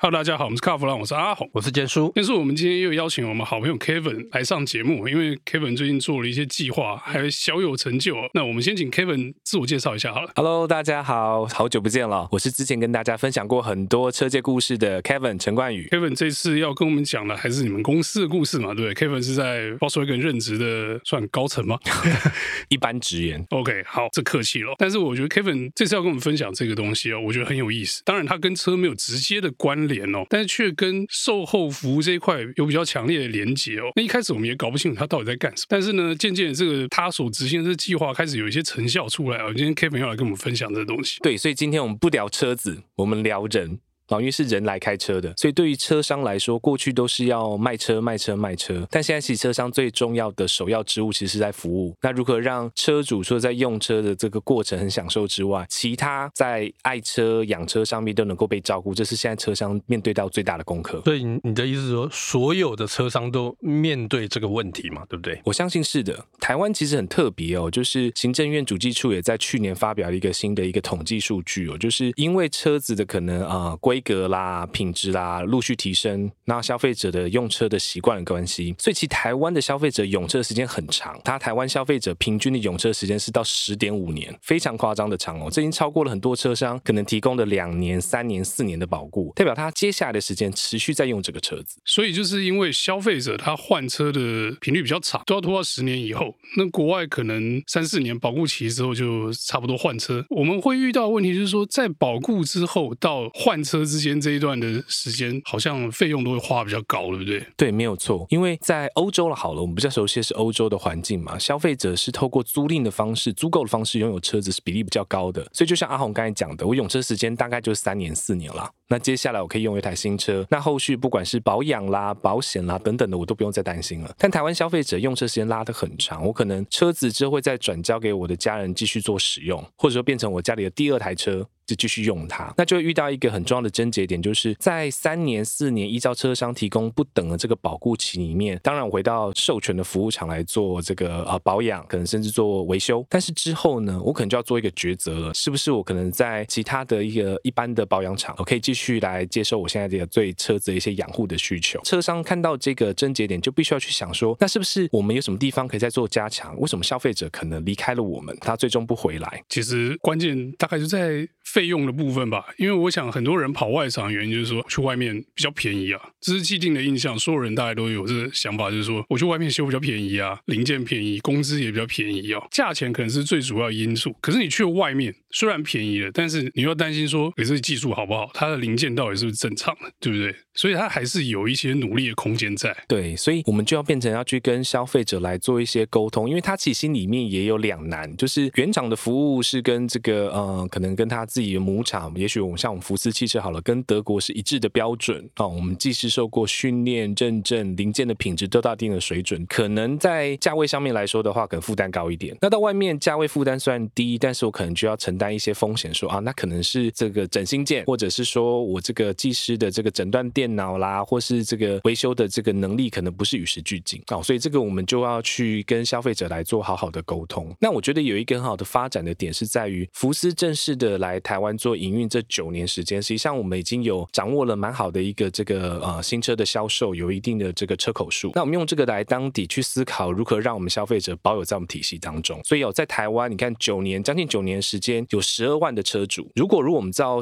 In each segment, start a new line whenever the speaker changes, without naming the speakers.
Hello，大家好，我們是卡弗朗，我是阿紅，我是建叔。傑叔，我們今天又邀請我們好朋友 Kevin 來上節目，因為 Kevin 最近做了一些計劃，還小有成就。那我們先請 Kevin 自我介紹一下好了。
Hello，大家好，好久不見了，我是之前跟大家分享過很多車界故事的 Kevin 陳冠宇。
Kevin 這次要跟我們講的還是你們公司的故事嘛，對不對？Kevin 是在 Volkswagen 任職的，算高層嗎？ 一般職員。OK，好，這客氣了。但是我覺得 Kevin 這次要跟我們分享這個東西哦，我覺得很有意思。當然，他跟車沒有直接的關聯。連哦，但是卻跟售後服務這一塊有比較強烈的連接哦。那一開始我們也搞不清楚他到底在幹什麼，但是呢，漸漸這個他所執行的這個計劃開始有一些成效出來啊。今天 Kevin 要來跟我們分享這個東西。
對，所以今天我們不聊車子，我們聊人。因為是人來開車的，所以對於車商來說，過去都是要賣車、賣車、賣車。但現在，其實車商最重要的首要之務，其實是在服務。那如何讓車主說在用車的這個過程很享受之外，其他在愛車養車上面都能夠被照顧，這是現在車商面對到最大的功
課。所以，你你的意思是說，所有的車商都面對這個問題嘛？對不對？
我相信是的。台灣其實很特別哦，就是行政院主計處也在去年發表了一個新的一個統計數據哦，就是因為車子的可能啊規格啦、品質啦陸續提升，那消費者的用車的習慣的關係，所以其實臺灣的消費者用車時間很長，他臺灣消費者平均的用車時間是到十點五年，非常誇張的長哦，這已經超過了很多車商可能提供的兩年、三年、四年的保固，代表他接下來的時間持續在用這個車子。
所以就是因為消費者他換車的頻率比較長，都要拖到十年以後，那國外可能三四年保固期之後就差不多換車。我們會遇到的問題就是說，在保固之後到換車。之間這一段的時間，好像費用都會花得比較高，對不對？對，沒有錯。因為在歐洲了，好了，我們比較
熟悉的是歐洲的環境嘛，消費者是透過租賃的方式、租購的方式擁有車子是比例比較高的。所以就像阿宏剛才講的，我用車時間大概就是三年、四年了。那接下來我可以用一台新車，那後續不管是保養啦、保險啦等等的，我都不用再擔心了。但台灣消費者用車時間拉得很長，我可能車子之後會再轉交給我的家人繼續做使用，或者說變成我家裡的第二台車。就繼續用它，那就會遇到一個很重要的症結點，就是在三年、四年，依照車商提供不等的這個保固期裡面，當然我回到授權的服務廠來做這個呃保養，可能甚至做維修。但是之後呢，我可能就要做一個抉擇了，是不是我可能在其他的一個一般的保養廠，我可以繼續來接受我現在這個對車子的一些養護的需求？車商看到這個症結點，就必須要去想說，那是不是我們有什麼地方可以再做加強？為什麼消費者可能離開了我們，他最終不回來？
其實關鍵大概就在。備用的部分吧，因為我想很多人跑外廠的原因就是說，我去外面比較便宜啊，這是既定的印象，所有人大概都有這個想法，就是說，我去外面修比較便宜啊，零件便宜，工資也比較便宜啊，哦，價錢可能是最主要的因素。可是你去外面雖然便宜了，但是你要擔心說，你這個技術好不好，它的零件到底是不是正常的，對不對？所以他還是有一些努力的空間在。
對，所以我們就要變成要去跟消費者來做一些溝通，因為他其實心裡面也有兩難，就是原廠的服務是跟這個呃，可能跟他自己的母廠，也許我們像我們福斯汽車好了，跟德國是一致的標準啊、呃。我們技師受過訓練認證，零件的品質都到一定的水準，可能在價位上面來說的話，可能負擔高一點。那到外面價位負擔雖然低，但是我可能就要承擔一些風險，說啊，那可能是這個整新件，或者是說我這個技師的這個診斷店。電腦啦，或是這個維修的這個能力，可能不是與時俱進啊、哦，所以這個我們就要去跟消費者來做好好的溝通。那我覺得有一個很好的發展的點是在於福斯正式的來台灣做營運這九年時間，實際上我們已經有掌握了蠻好的一個這個呃，新車的銷售，有一定的這個車口數。那我們用這個來當底去思考如何讓我們消費者保有在我們體系當中。所以有、哦、在台灣你看九年，將近九年時間有十二萬的車主，如果，如果我們造。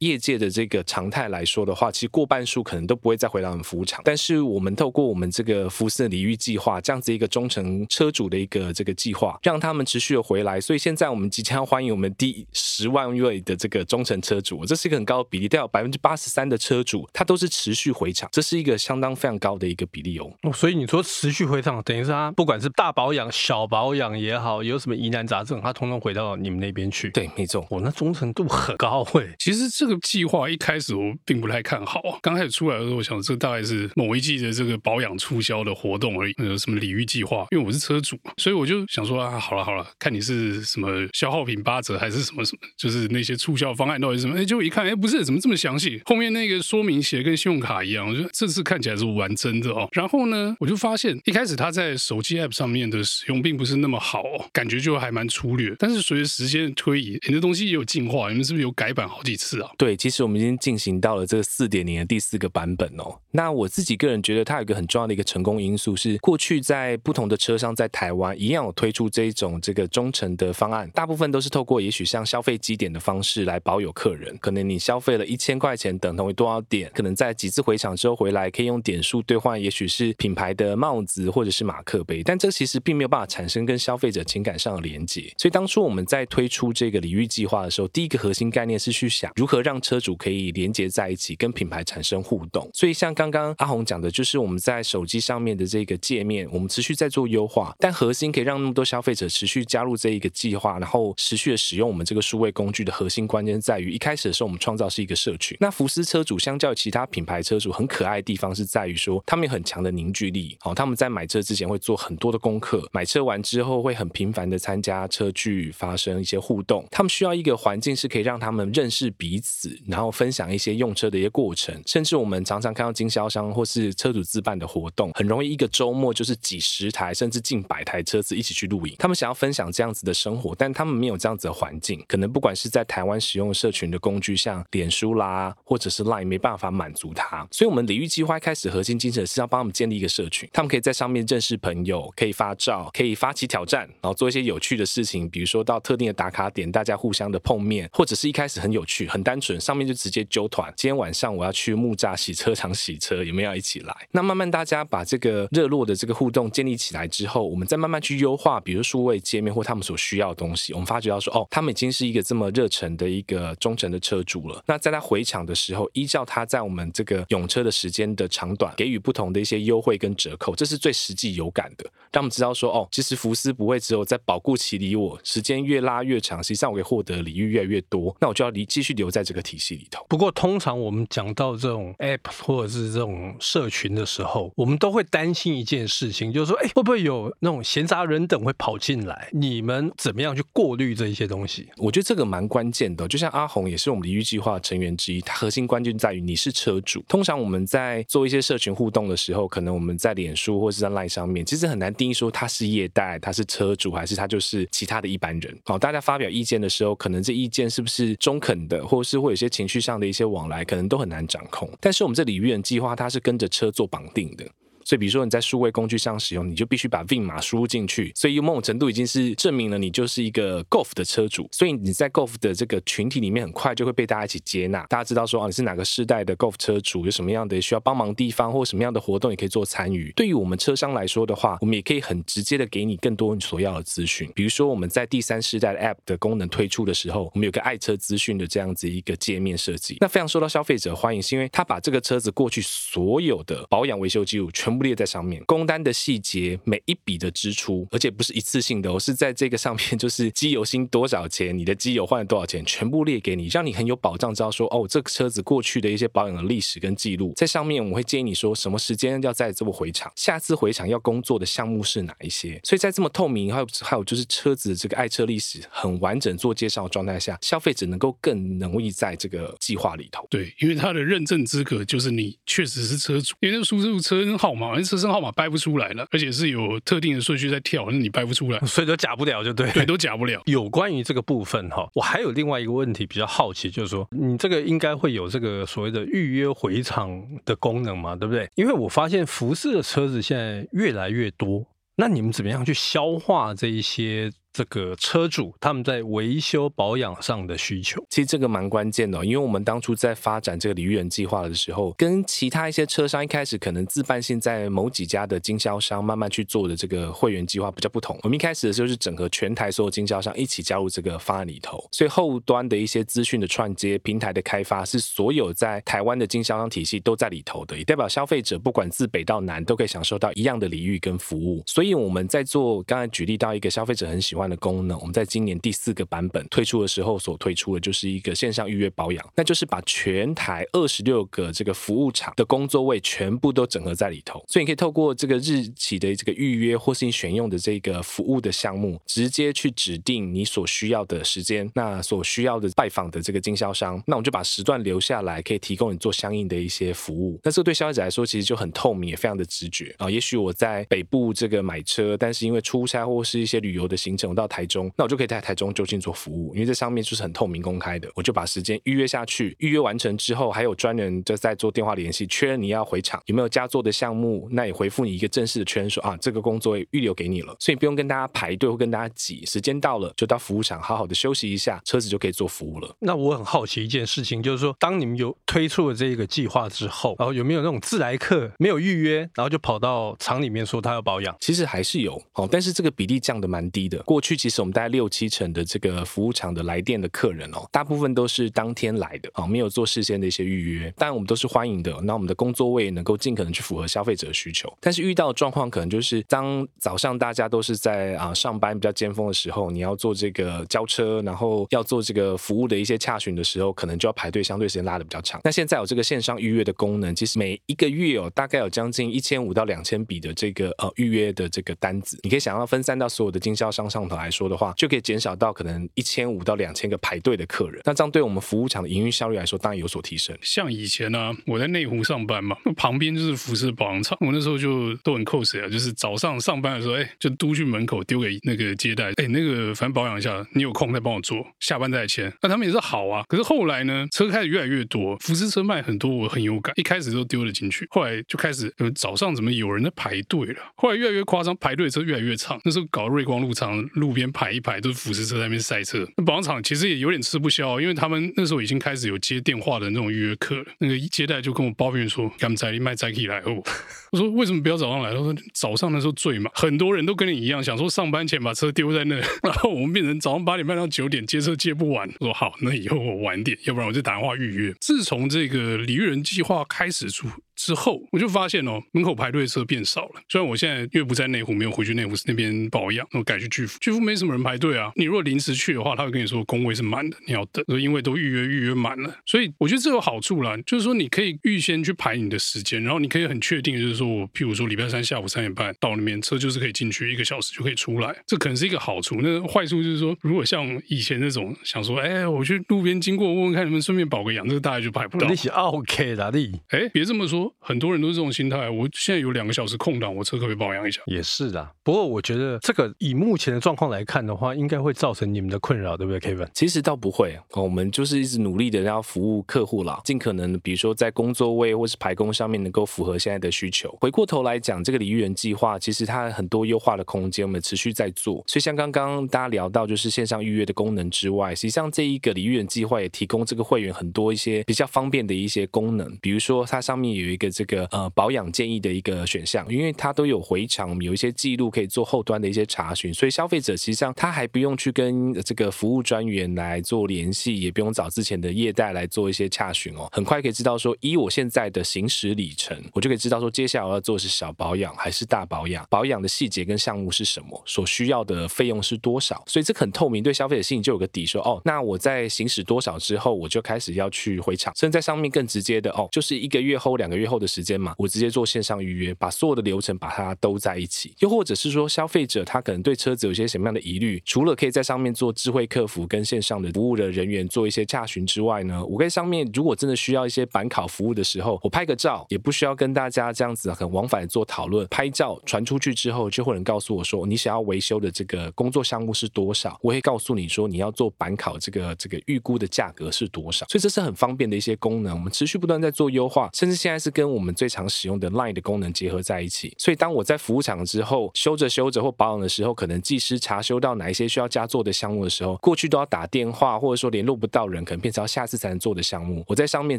業界的這個常態來說的話，其實過半數可能都不會再回到我們服務廠。但是我們透過我們這個福斯的禮遇計劃，這樣子一個忠誠車主的一個這個計劃，讓他們持續的回來。所以現在我們即將要歡迎我們第十萬位的這個忠誠車主，這是一個很高的比例，都有百分之八十三的車主他都是持續回廠，這是一個相當非常高的一個比例哦。
哦，所以你說持續回廠，等於是他不管是大保養、小保養也好，也有什麼疑難雜症，他通通回到你們那邊去。對，沒錯，我、哦、那忠誠度
很高哎，欸、其實這這個計劃一開始我並不太看好。剛開始出來的時候，我想這大概是某一季的這個保養促銷的活動而已。呃，什麼禮遇計劃？因為我是車主，所以我就想說啊，好了好了，看你是什麼消耗品八折，還是什麼什麼，就是那些促銷方案到底是什麼？哎，就一看，哎，不是，怎麼這麼詳細？後面那個說明寫的跟信用卡一樣。我覺得這次看起來是玩真的哦。然後呢，我就發現一開始它在手機 app 上面的使用並不是那麼好、哦，感覺就還蠻粗略。但是隨着時間推移，你、哎、的東西也有進化，你們是不是有改版好幾次啊？
對，其實我們已經進行到了這個四點零的第四個版本哦。那我自己個人覺得，它有一個很重要的一個成功因素是，過去在不同的車商在台灣一樣有推出這種這個忠誠的方案，大部分都是透過也許像消費積點的方式來保有客人。可能你消費了一千塊錢等同於多少點，可能在幾次回廠之後回來可以用點數兌換，也許是品牌的帽子或者是馬克杯。但這其實並沒有辦法產生跟消費者情感上的連接。所以當初我們在推出這個禮遇計劃的時候，第一個核心概念是去想如何讓讓車主可以連接在一起，跟品牌產生互動。所以像剛剛阿紅講的，就是我們在手機上面的這個界面，我們持續在做優化。但核心可以讓那麼多消費者持續加入這一個計劃，然後持續的使用我們這個數位工具的核心關鍵在於，一開始的時候我們創造是一個社群。那福斯車主相較其他品牌車主很可愛的地方是在於說，他們有很強的凝聚力。好、哦，他們在買車之前會做很多的功課，買車完之後會很頻繁的參加車聚，發生一些互動。他們需要一個環境是可以讓他們認識彼此。然後分享一些用車的一些過程，甚至我們常常看到經銷商或是車主自辦的活動，很容易一個周末就是幾十台甚至近百台車子一起去露營，他們想要分享這樣子的生活，但他們沒有這樣子的環境，可能不管是在台灣使用社群的工具，像臉書啦或者是 Line 沒辦法滿足他，所以我們禮遇計畫一開始核心精神是要幫他們建立一個社群，他們可以在上面認識朋友，可以發照，可以發起挑戰，然後做一些有趣的事情，比如說到特定的打卡點，大家互相的碰面，或者是一開始很有趣，很單純。上面就直接揪團。今天晚上我要去木柵洗車場洗車，有沒有要一起來？那慢慢大家把這個熱絡的這個互動建立起來之後，我們再慢慢去優化，比如數位介面或他們所需要的東西。我們發覺到說，哦，他們已經是一個這麼熱忱的一個忠誠的車主了。那在他回廠的時候，依照他在我們這個用車的時間的長短，給予不同的一些優惠跟折扣，這是最實際有感的，讓我們知道說，哦，其實福斯不會只有在保固期裡，我時間越拉越長，實際上我可以獲得的禮遇越來越多，那我就要離繼續留在這裡。這個體系裡
頭，不過通常我們講到這種 App 或者是這種社群的時候，我們都會擔心一件事情，就是說，哎，會不會有那種閒雜人等會跑進來？你們怎麼樣去過濾這一些東西？我覺得這個
蠻關鍵的。就像阿紅也是我們的禮遇計畫成員之一，他核心關鍵在於你是車主。通常我們在做一些社群互動的時候，可能我們在臉書或者是在 Line 上面，其實很難定義說他是業代，他是車主，還是他就是其他的一般人。好，大家發表意見的時候，可能這意見是不是中肯的，或者是或會有些情緒上的一些往來，可能都很難掌控。但是我們這裡禮遇計畫，它是跟着車做綁定的。所以，比如說你在數位工具上使用，你就必須把 VIN 碼輸入進去。所以，某種程度已經是證明了你就是一個 Golf 的車主。所以你在 Golf 的這個群體裡面，很快就會被大家一起接納。大家知道說啊，你是哪個世代的 Golf 車主，有什麼樣的需要幫忙地方，或什麼樣的活動也可以做參與。對於我們車商來說的話，我們也可以很直接的給你更多你所要的資訊。比如說我們在第三世代的 App 的功能推出的時候，我們有個愛車資訊的這樣子一個界面設計，那非常受到消費者歡迎，是因為他把這個車子過去所有的保養維修記錄全部。列在上面，工單的細節，每一筆的支出，而且不是一次性的、哦，我是在這個上面，就是機油新多少錢，你的機油換了多少錢，全部列給你，讓你很有保障，知道說哦，這個車子過去的一些保養的歷史跟記錄在上面。我會建議你說什麼時間要再這麼回廠，下次回廠要工作的項目是哪一些？所以，在這麼透明，還有還有就是車子的這個愛車歷史很完整做介紹的狀態下，消費者能夠更容易在這個計劃裡頭。
對，因為它的認證資格就是你確實是車主，因為那個輸入車號嘛。好像車身號碼掰不出來了，而且是有特定的順序在跳，那你掰不出來，
所以都假不了就對了，對，都假不了。有關於這個部分哈，我還有另外一個問題比較好奇，就是說你這個應該會有這個所謂的預約回廠的功能嘛，對不對？因為我發現福斯的車子現在越來越多，那你們怎麼樣去消化這一些？這個車主他們在維修保養上的需求，
其實這個蠻關鍵的，因為我們當初在發展這個禮遇人計劃的時候，跟其他一些車商一開始可能自辦性在某幾家的經銷商慢慢去做的這個會員計劃比較不同。我們一開始的時候是整合全台所有經銷商一起加入這個方案裡頭，所以後端的一些資訊的串接、平台的開發是所有在台灣的經銷商體系都在裡頭的，也代表消費者不管自北到南都可以享受到一樣的禮遇跟服務。所以我們在做剛才舉例到一個消費者很喜歡的。的功能，我們在今年第四個版本推出的時候，所推出的就是一個線上預約保養，那就是把全台二十六個這個服務廠的工作位全部都整合在裡頭，所以你可以透過這個日期的這個預約，或是你選用的這個服務的項目，直接去指定你所需要的時間，那所需要的拜訪的這個經銷商，那我們就把時段留下來，可以提供你做相應的一些服務。那這對消費者來說，其實就很透明，也非常的直覺啊、哦。也許我在北部這個買車，但是因為出差或是一些旅遊的行程。到台中，那我就可以在台中就近做服務，因為這上面就是很透明公開的。我就把時間預約下去，預約完成之後，還有專人就在做電話聯繫，確認你要回廠有沒有加做的項目，那也回覆你一個正式的確認說啊，這個工作也預留給你了，所以不用跟大家排隊或跟大家擠。時間到了就到服務廠，好好的休息一下，車子就可以做服務
了。那我很好奇一件事情，就是說當你們有推出了這個計劃之後，然後有沒有那種自來客沒有預約，然後就跑到廠裡面說他要保養？其實還是有，
好、哦，但是這個比例降得蠻低的。過過去其實我們大概六七成的這個服務廠的來店的客人哦，大部分都是當天來的啊、哦，沒有做事先的一些預約，當然我們都是歡迎的。那我們的工作位能夠盡可能去符合消費者的需求，但是遇到的狀況可能就是當早上大家都是在啊、呃、上班比較尖峰的時候，你要做這個交車，然後要做這個服務的一些洽詢的時候，可能就要排隊，相對時間拉得比較長。那現在有這個線上預約的功能，其實每一個月哦，大概有將近一千五到兩千筆的這個呃預約的這個單子，你可以想要分散到所有的經銷商上。來說的話，就可以減少到可能一千五到兩千個排隊的客人。那這樣對我們服務廠的營運效率來說，當然有所提升。
像以前呢、啊，我在內湖上班嘛，那旁邊就是福斯保養廠，我那時候就都很 cos 啊，就是早上上班的時候，哎、欸，就都去門口丟給那個接待，哎、欸，那個反正保養一下，你有空再幫我做，下班再簽。那他們也是好啊。可是後來呢，車開始越來越多，福斯車賣很多，我很有感，一開始都丟了進去，後來就開始、欸、早上怎麼有人在排隊了？後來越來越誇張，排隊的車越來越長。那時候搞瑞光路廠。路邊排一排都是福斯車，在那邊塞車，那保養廠其實也有點吃不消，因為他們那時候已經開始有接電話的那種預約客那個一接待就跟我抱怨說：“趕早你賣早可以來哦。 ”我說：“為什麼不要早上來？”他說：“早上那時候最忙，很多人都跟你一樣想說上班前把車丟在那，然後我們變成早上八點半到九點接車接不完。”我說：“好，那以後我晚點，要不然我就打電話預約。”自從這個禮遇計畫開始出。之後我就發現哦，門口排隊的車變少了。雖然我現在因為不在內湖，沒有回去內湖是那邊保養，我改去巨富。巨富沒什麼人排隊啊。你如果臨時去的話，他會跟你說工位是滿的，你要等，因為都預約預約滿了。所以我覺得這有好處啦，就是說你可以預先去排你的時間，然後你可以很確定，就是說我譬如說禮拜三下午三點半到那邊，車就是可以進去，一個小時就可以出來。這可能是一個好處。那壞處就是說，如果像以前那種想說，哎，我去路邊經過問問看，能不能順便保個養，這個大概就排不到。你是 OK 啦，你哎，別這麼說。很多人都是這種心態。我現在有兩個小時空檔，我車可不可以保養一下？也是的，不過我
覺得這個以目前的狀況來看的話，應該會造成你們的困擾，對不對，Kevin？其實倒不會，
我們就是一直努力的，要服務客戶啦，盡可能比如說在工作位或是排工上面能夠符合現在的需求。回過頭來講，這個禮遇計畫其實它很多優化的空間，我們持續在做。所以像剛剛大家聊到，就是線上預約的功能之外，實際上這一個禮遇計畫也提供這個會員很多一些比較方便的一些功能，比如說它上面有一。一個這個呃保養建議的一個選項，因為它都有回廠，我們有一些記錄可以做後端的一些查詢，所以消費者實際上他還不用去跟這個服務專員來做聯繫，也不用找之前的業代來做一些查詢哦，很快可以知道說，依我現在的行駛里程，我就可以知道說，接下來我要做是小保養還是大保養，保養的細節跟項目是什麼，所需要的費用是多少，所以這很透明，對消費者心裡就有個底，說哦，那我在行駛多少之後，我就開始要去回廠，甚至在上面更直接的哦，就是一個月後，兩個月後的時間嘛，我直接做線上預約，把所有的流程把它兜在一起。又或者是說，消費者他可能對車子有一些什麼樣的疑慮，除了可以在上面做智慧客服跟線上的服務的人員做一些洽詢之外呢，我在上面如果真的需要一些板烤服務的時候，我拍個照也不需要跟大家這樣子很往返的做討論。拍照傳出去之後，就會有人告訴我說，你想要維修的這個工作項目是多少，我會告訴你說，你要做板烤這個這個預估的價格是多少。所以這是很方便的一些功能，我們持續不斷在做優化，甚至現在是。跟我們最常使用的 LINE 的功能結合在一起，所以當我在服務廠之後修着修着或保養的時候，可能技師查修到哪一些需要加做的項目的時候，過去都要打電話或者說聯絡不到人，可能變成要下次才能做的項目。我在上面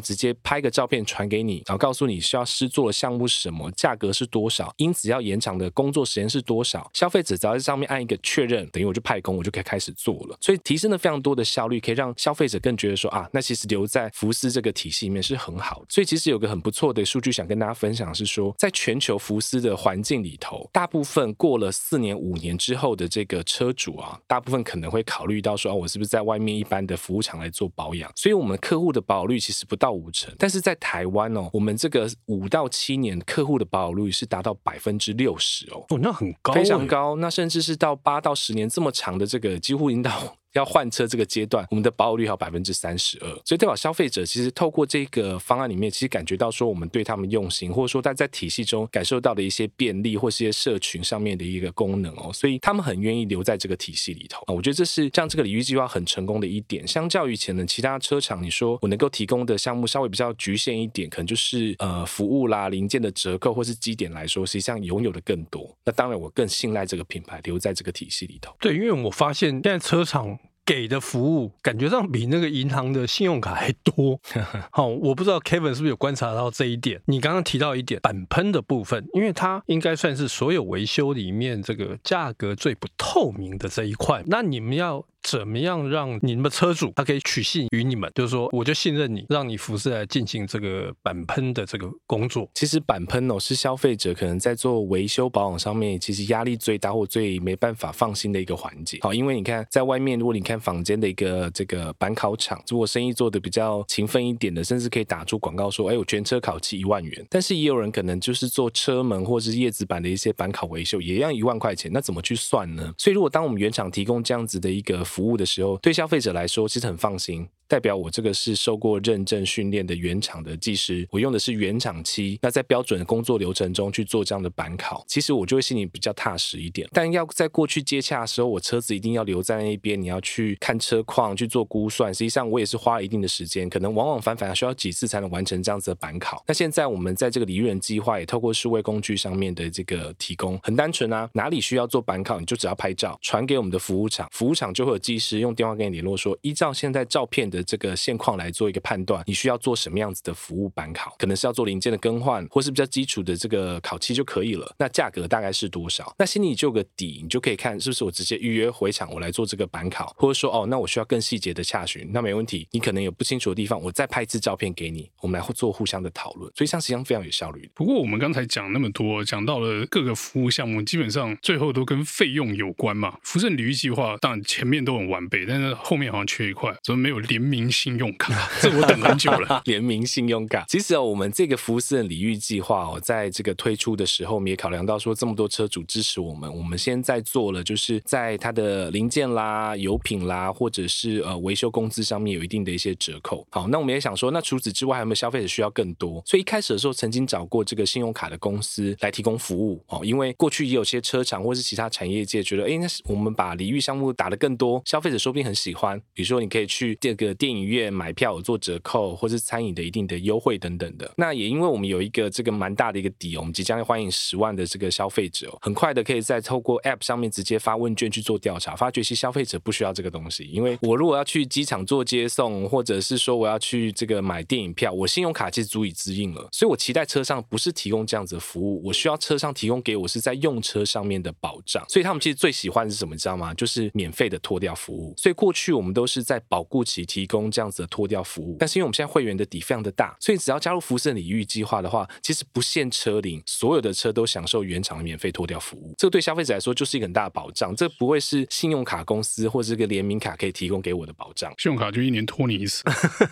直接拍個照片傳給你，然後告訴你需要施做的項目是什麼，價格是多少，因此要延長的工作時間是多少。消費者只要在上面按一個確認，等於我就派工，我就可以開始做了。所以提升了非常多的效率，可以讓消費者更覺得說啊，那其實留在福斯這個體系裡面是很好的。所以其實有個很不錯的。數據想跟大家分享的是說，在全球福斯的環境裡頭，大部分過了四年五年之後的這個車主啊，大部分可能會考慮到說、啊、我是不是在外面一般的服務廠來做保養？所以，我們客戶的保有率其實不到五成。但是在台灣哦，我們這個五到七年客戶的保有率是達到百分之六十
哦。哦，那很高，非常
高。那甚至是到八到十年這麼長的這個，幾乎已經到。要換車這個階段，我們的保有率還有百分之三十二，所以代表消費者其實透過這個方案裡面，其實感覺到說我們對他們用心，或者說他在體系中感受到的一些便利或是一些社群上面的一個功能哦，所以他們很願意留在這個體系裡頭啊。我覺得這是像這個禮遇計劃很成功的一點。相較於前的其他車廠，你說我能夠提供的項目稍微比較侷限一點，可能就是呃服務啦、零件的折扣或是積點來說，實際上擁有的更多。那當然，我更信賴這個品牌留在這個體系裡
頭。對，因為我發現現在車廠。給的服務感覺上比那個銀行的信用卡還多， 好，我不知道 Kevin 是不是有觀察到這一點。你剛剛提到一點板噴的部分，因為它應該算是所有維修裡面這個價格最不透明的這一塊。那你們要。怎麼樣讓你們車主他可以取信於你們？就是說，我就信任你，讓你服侍來進行這個板噴的這個工作。
其實板噴哦，是消費者可能在做維修保養上面，其實壓力最大或最沒辦法放心的一個環節。好，因為你看，在外面如果你看坊間的一個這個板烤廠，如果生意做得比較勤奮一點的，甚至可以打出廣告說，哎，我全車烤漆一萬元。但是也有人可能就是做車門或者是葉子板的一些板烤維修，也要一萬塊錢。那怎麼去算呢？所以如果當我們原廠提供這樣子的一個。服務的時候，對消費者來說其實很放心。代表我這個是受過認證訓練的原廠的技師，我用的是原廠漆，那在標準的工作流程中去做這樣的鈑烤，其實我就會心裡比較踏實一點。但要在過去接洽的時候，我車子一定要留在那邊，你要去看車況去做估算，實際上我也是花了一定的時間，可能往往反反還需要幾次才能完成這樣子的鈑烤。那現在我們在這個禮遇人計劃也透過數位工具上面的這個提供，很單純啊，哪裡需要做鈑烤，你就只要拍照傳給我們的服務廠，服務廠就會有技師用電話跟你聯絡說，依照現在照片的。這個現況來做一個判斷，你需要做什麼樣子的服務鈑烤，可能是要做零件的更換，或是比較基礎的這個烤漆就可以了。那價格大概是多少？那心裡就有個底，你就可以看是不是我直接預約回廠，我來做這個鈑烤，或者說哦，那我需要更細節的洽詢，那沒問題。你可能有不清楚的地方，我再拍一次照片給你，我們來做互相的討論，所以像實際上非常有
效率。不過我們剛才講那麼多，講到了各個服務項目，基本上最後都跟費用有關嘛。福斯人禮遇計畫當然前面都很完備，但是後面好像缺一塊，怎麼沒有聯？名信用卡，這我等很久
了。 聯名信用卡，其實哦，我們這個福斯人禮遇計劃哦，在這個推出的時候，我們也考量到說這麼多車主支持我們，我們現在做了，就是在它的零件啦、油品啦，或者是呃維修工資上面有一定的一些折扣。好，那我們也想說，那除此之外，還有沒有消費者需要更多？所以一開始的時候，曾經找過這個信用卡的公司來提供服務哦，因為過去也有些車廠或是其他產業界覺得，哎，那我們把禮遇項目打得更多，消費者說不定很喜歡。比如說，你可以去這個，電影院買票有做折扣，或是餐飲的一定的優惠等等的。那也因為我們有一個這個蠻大的一個底，我們即將要歡迎十萬的這個消費者，很快的可以再透過 App 上面直接發問卷去做調查，發覺其實消費者不需要這個東西。因為我如果要去機場做接送，或者是說我要去這個買電影票，我信用卡其實足以支應了。所以我期待車上不是提供這樣子的服務，我需要車上提供給我是在用車上面的保障。所以他們其實最喜歡的是什麼？你知道嗎？就是免費的拖吊服務。所以過去我們都是在保固期提提供這樣子的拖吊服務，但是因為我們現在會員的底非常的大，所以只要加入福斯人禮遇計畫的話，其實不限車齡，所有的車都享受原廠免費拖吊服務。這個、對消費者來說就是一個很大的保障，這個、不會是信用卡公司或者一個聯名卡可以提供給我的保障。信用卡就一年
拖你一次，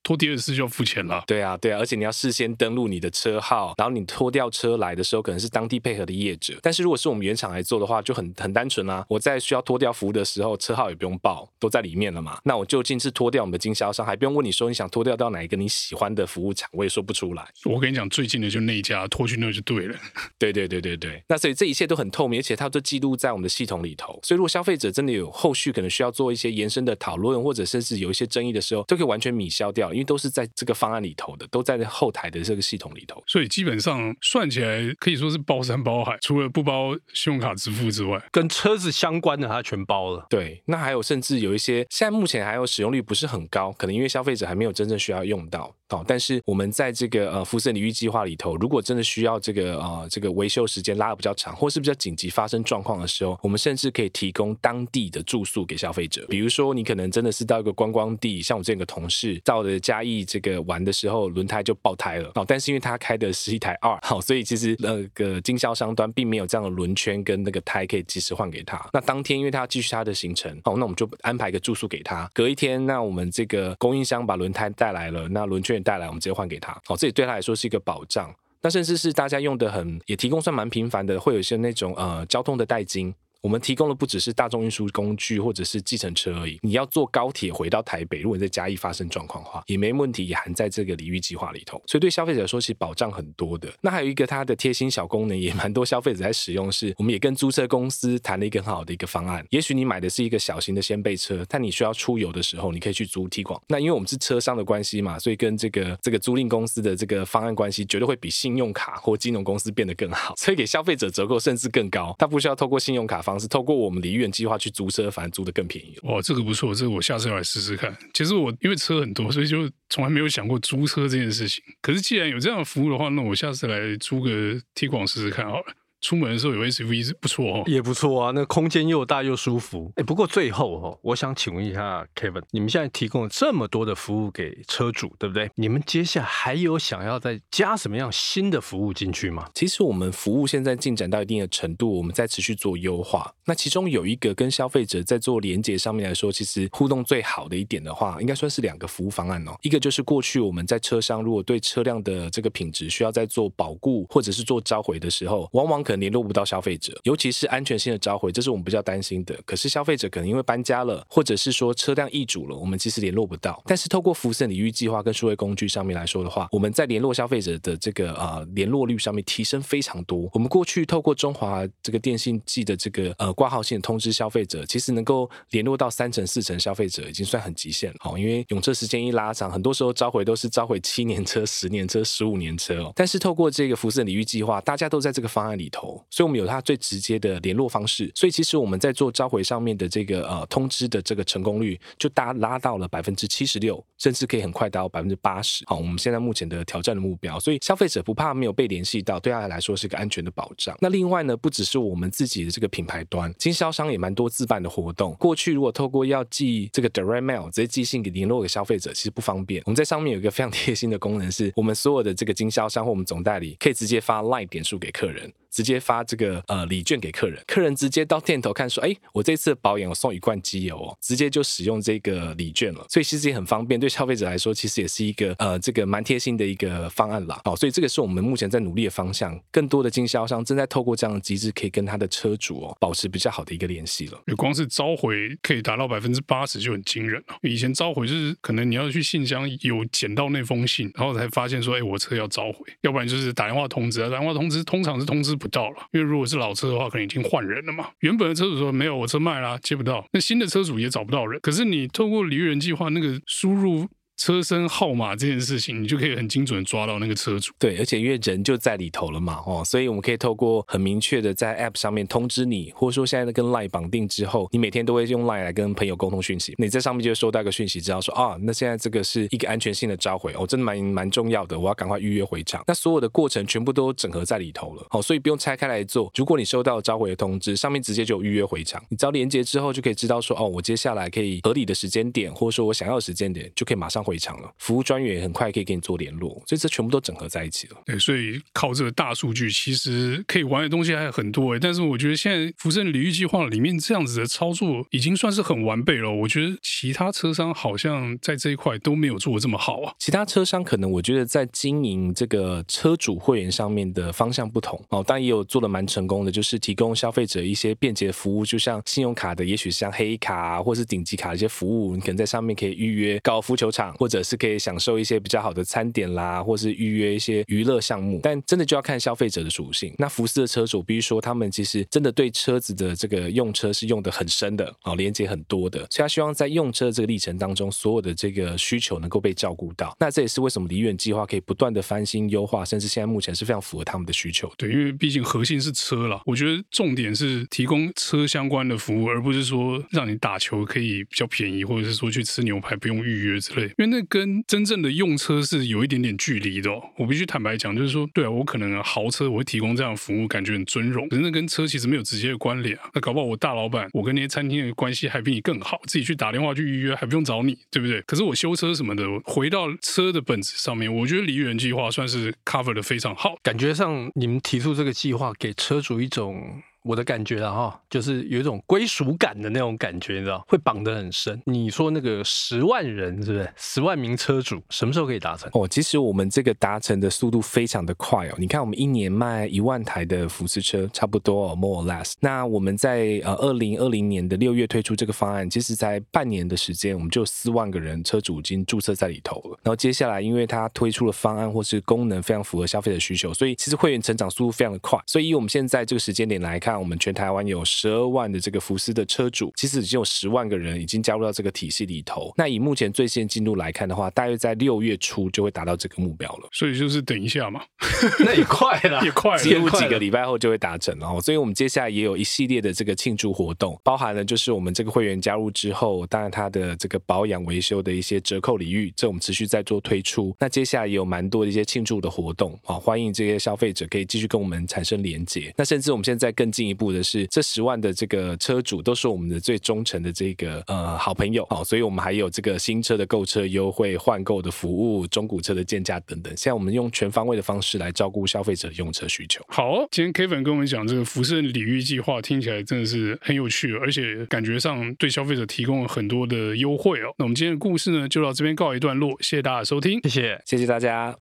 拖 第二次就要付錢了。 對啊，對啊，而且你要事先登錄你的車號，然後你拖吊車來的時候，可能是當地配合的業者，但是如果是我們原廠來做的話，就很很單純啊。我在需要拖吊服務的時候，車號也不用報，都在裡面了嘛。那我就竟是拖吊我們的金銷商還不用問你說你想拖吊到哪一個你喜歡的服務廠，我也說不出來。
我跟你講，最近的就那一家，拖去那就對了。 對對對對對。
那所以這一切都很透明，而且它都記錄在我們的系統裡頭。所以如果消費者真的有後續可能需要做一些延伸的討論，或者甚至有一些爭議的時候，都可以完全米消掉，因為都是在這個方案裡頭的，都在後台的這個系統裡
頭。所以基本上算起來可以說是包山包海，除了不包信用卡支付之外，跟車子
相關的它全包了。對，那還有甚至有一些現在目前還有使用率不是很高。可能因為消費者還沒有真正需要用到哦，但是我們在這個呃福斯人禮遇計畫裡頭，如果真的需要這個呃這個維修時間拉得比較長，或是比較緊急發生狀況的時候，我們甚至可以提供當地的住宿給消費者。比如說你可能真的是到一個觀光地，像我這個同事到了嘉義這個玩的時候，輪胎就爆胎了哦，但是因為他開的是一台二，好，所以其實那個經銷商端並沒有這樣的輪圈跟那個胎可以及時換給他。那當天因為他要繼續他的行程，好，哦，那我們就安排一個住宿給他。隔一天，那我們這個。的供應商把輪胎帶來了，那輪圈也帶來，我們直接換給他，哦，這也對他來說是一個保障。那甚至是大家用的很，也提供算蠻頻繁的，會有一些那種呃交通的代金。我們提供的不只是大眾運輸工具或者是計程車而已，你要坐高鐵回到台北，如果你在嘉義發生狀況的話，也沒問題，也含在這個禮遇計畫裡頭。所以對消費者說，其實保障很多的。那還有一個它的貼心小功能，也蠻多消費者在使用是，是我們也跟租車公司談了一個很好的一個方案。也許你買的是一個小型的掀背車，但你需要出遊的時候，你可以去租 Tiguan。那因為我們是車商的關係嘛，所以跟這個這個租賃公司的這個方案關係，絕對會比信用卡或金融公司變得更好，所以給消費者折扣甚至更高。它不需要透過信用卡。方式透過我們
禮遇計畫去租車，反而租得更便宜。哇，這個不錯，這個我下次要來試試看。其實我因為車很多，所以就從來沒有想過租車這件事情。可是既然有這樣的服務的話，那我下次來租個 T 廣試試看好了。出門的時候有 SUV 是不錯哦，也不錯啊，那個、空間
又大又舒服。哎、欸，不過最後哦、喔，我想請問一下 Kevin，你們現在提供了這麼多的服務給車主，對不對？你們接下來還有想要再加什麼樣新的服務
進去嗎？其實我們服務現在進展到一定的程度，我們再持續做優化。那其中有一個跟消費者在做連接上面來說，其實互動最好的一點的話，應該算是兩個服務方案哦、喔。一個就是過去我們在車上，如果對車輛的這個品質需要再做保固，或者是做召回的時候，往往可能聯絡不到消費者，尤其是安全性的召回，這是我們比較擔心的。可是消費者可能因為搬家了，或者是說車輛易主了，我們其實聯絡不到。但是透過福斯人禮遇計畫跟數位工具上面來說的話，我們在聯絡消費者的這個啊、呃、聯絡率上面提升非常多。我們過去透過中華這個電信寄的這個呃掛號信，通知消費者，其實能夠聯絡到三成四成消費者已經算很極限了。哦，因為用車時間一拉長，很多時候召回都是召回七年車、十年車、十五年車哦。但是透過這個福斯人禮遇計畫，大家都在這個方案裡頭。所以，我們有它最直接的聯絡方式，所以其實我們在做召回上面的這個呃通知的這個成功率就大拉到了百分之七十六，甚至可以很快達到百分之八十。好，我們現在目前的挑戰的目標，所以消費者不怕沒有被聯繫到，對他來說是個安全的保障。那另外呢，不只是我們自己的這個品牌端，經銷商也蠻多自辦的活動。過去如果透過要寄這個 Direct Mail 直接寄信給聯絡給消費者，其實不方便。我們在上面有一個非常貼心的功能，是我們所有的這個經銷商或我們總代理可以直接發 Line 點數給客人。直接發這個呃禮券給客人，客人直接到店頭看說，哎，我這次的保養我送一罐機油，哦，直接就使用這個禮券了。所以其實也很方便，對消費者來說其實也是一個呃這個蠻貼心的一個方案啦。好，所以這個是我們目前在努力的方向。更多的經銷商正在透過這樣的機制，可以跟他的車主哦保持比較好的一個聯繫
了。光是召回可以達到百分之八十就很驚人了。以前召回就是可能你要去信箱有撿到那封信，然後才發現說，哎，我車要召回，要不然就是打電話通知啊。打電話通知通常是通知不到了，因為如果是老車的話，可能已經換人了嘛。原本的車主說沒有，我車賣了啊，接不到。那新的車主也找不到人。可是你透過禮遇計畫那個輸入車身號碼這件事情，你就可以很精準的抓到那個車主。對，而且因為人就在裡
頭了嘛，哦，所以我們可以透過很明確的在 App 上面通知你，或者說現在跟 Line 綁定之後，你每天都會用 Line 來跟朋友溝通訊息，你在上面就會收到一個訊息，知道說啊，那現在這個是一個安全性的召回，哦，真的蠻蠻重要的，我要趕快預約回廠。那所有的過程全部都整合在裡頭了，哦，所以不用拆開來做。如果你收到召回的通知，上面直接就有預約回廠，你只要連接之後就可以知道說，哦，我接下來可以合理的時間點，或者說我想要的時間點，就可以馬上。會場了，服務專員也很快可以給你做聯絡，所以這全部都整合在一起
了。對，所以靠這個大數據，其實可以玩的東西還有很多誒，但是我覺得現在福斯人禮遇計畫裡面這樣子的操作已經算是很完備了。我覺得其他車商好像在這一塊都沒有做的這麼好啊。
其他車商可能我覺得在經營這個車主會員上面的方向不同哦，但也有做的蠻成功的，就是提供消費者一些便捷服務，就像信用卡的，也許像黑卡啊，或是頂級卡一些服務，你可能在上面可以預約高爾夫球場。或者是可以享受一些比較好的餐點啦，或是預約一些娛樂項目，但真的就要看消費者的屬性。那福斯的車主，必須說他們其實真的對車子的這個用車是用得很深的啊，連接很多的，所以他希望在用車這個歷程當中，所有的這個需求能夠被照顧到。那這也是為什麼禮遇計畫可以不斷的翻新優化，甚至現在目前是非常符合他
們的需求的。對，因為畢竟核心是車啦，我覺得重點是提供車相關的服務，而不是說讓你打球可以比較便宜，或者是說去吃牛排不用預約之類，那跟真正的用車是有一點點距離的哦，我必須坦白講，就是說，對啊，我可能豪車我會提供這樣的服務，感覺很尊榮。可是那跟車其實沒有直接的關聯啊。那搞不好我大老闆，我跟那些餐廳的關係還比你更好，自己去打電話去預約還不用找你，對不對？可是我修車什麼的，回到車的本質上面，我覺得禮遇計畫算是 cover 得非常好，感覺上你們提出這個計劃，給車主一種。我的感覺啊，哈，就是有一種歸
屬感的那種感覺，你知道，會綁得很深。你說那個十萬人，是不是十萬名車主，什麼時候可以達成？
哦，其實我們這個達成的速度非常的快哦。你看，我們一年賣一萬台的福斯車，差不多哦，more or less。那我們在呃二零二零年的六月推出這個方案，其實，在半年的時間，我們就四萬個人車主已經注冊在裡頭了。然後接下來，因為他推出了方案或是功能非常符合消費者需求，所以其實會員成長速度非常的快。所以，以我們現在這個時間點來看。我們全台灣有十二萬的這個福斯的車主，其實已經有十萬個人已經加入到這個體系裡頭。那以目前最新進度來看的話，大約在六月初
就會達到這個目標了。所以就是等一下嘛， 那也快了，也快了，幾乎幾個禮
拜後就會達成了。所以我們接下來也有一系列的這個慶祝活動，包含了就是我們這個會員加入之後，當然他的這個保養維修的一些折扣禮遇，這我們持續在做推出。那接下來也有蠻多的一些慶祝的活動，啊、哦，歡迎這些消費者可以繼續跟我們產生連接。那甚至我們現在更。進一步的是，這十萬的這個車主都是我們的最忠誠的這個呃好朋友好，所以我們還有這個新車的購車優惠、換購的服務、中古車的鑑價等等。現在我們用全方位的方式來照顧消費者用車
需求。好、哦，今天 Kevin 跟我們講這個福斯人禮遇計畫，聽起來真的是很有趣，而且感覺上對消費者提供了很多的優惠哦。那我們今天的故事呢，就到這邊告一段落，謝謝大家的收聽，謝謝，
謝謝大家。